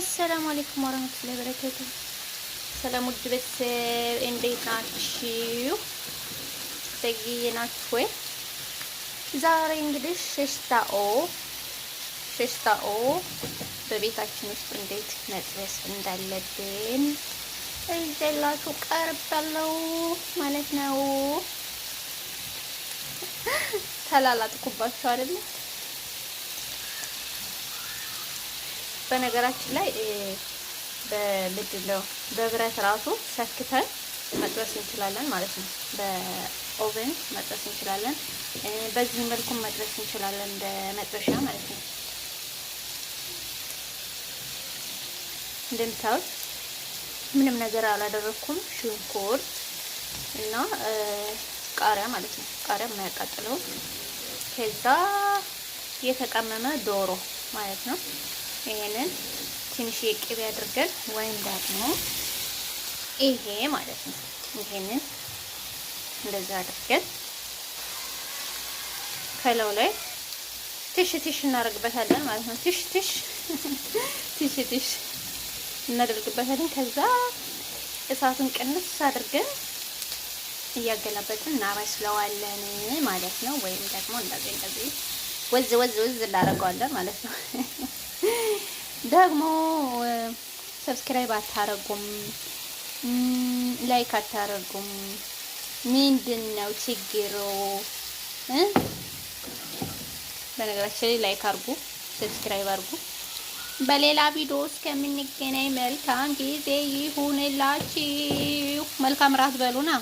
አሰላሙ አለይኩም ወራህመቱላሂ ወበረካቱ። ሰላም ውድ ቤተሰብ እንዴት ናችሁ? ደግዬ ናችሁ ወይ? ዛሬ እንግዲህ ሸሽታኦ ሸሽታኦ በቤታችን ውስጥ እንዴት መጥበስ እንዳለብን እጀላችሁ ቀርባለሁ ማለት ነው። ተላላጥኩባችሁ አይደል? በነገራችን ላይ በምንድን ነው በብረት ራሱ ሰክተን መጥበስ እንችላለን ማለት ነው። በኦቨን መጥበስ እንችላለን። በዚህ መልኩም መጥበስ እንችላለን በመጥበሻ ማለት ነው። እንደምታዩት ምንም ነገር አላደረኩም። ሽንኩርት እና ቃሪያ ማለት ነው። ቃሪያ የማያቃጥለው ከዛ የተቀመመ ዶሮ ማለት ነው። ይሄንን ትንሽ የቅቤ አድርገን ወይም ደግሞ ይሄ ማለት ነው። ይሄንን እንደዛ አድርገን ከለው ላይ ትሽ ትሽ እናደርግበታለን ማለት ነው። ትሽ ትሽ ትሽ ትሽ እናደርግበታለን። ከዛ እሳቱን ቅንስ አድርገን እያገላበጥን እናበስለዋለን ማለት ነው። ወይም ደግሞ እንደዚህ እንደዚህ ወዝ ወዝ ወዝ እናደርገዋለን ማለት ነው። ደግሞ ሰብስክራይብ አታረጉም፣ ላይክ አታረጉም። ምንድን ነው ችግሩ? በነገራችን ላይ ላይክ አርጉ፣ ሰብስክራይብ አርጉ። በሌላ ቪዲዮ እስከምንገናኝ መልካም ጊዜ ይሁንላችሁ። መልካም ራት በሉና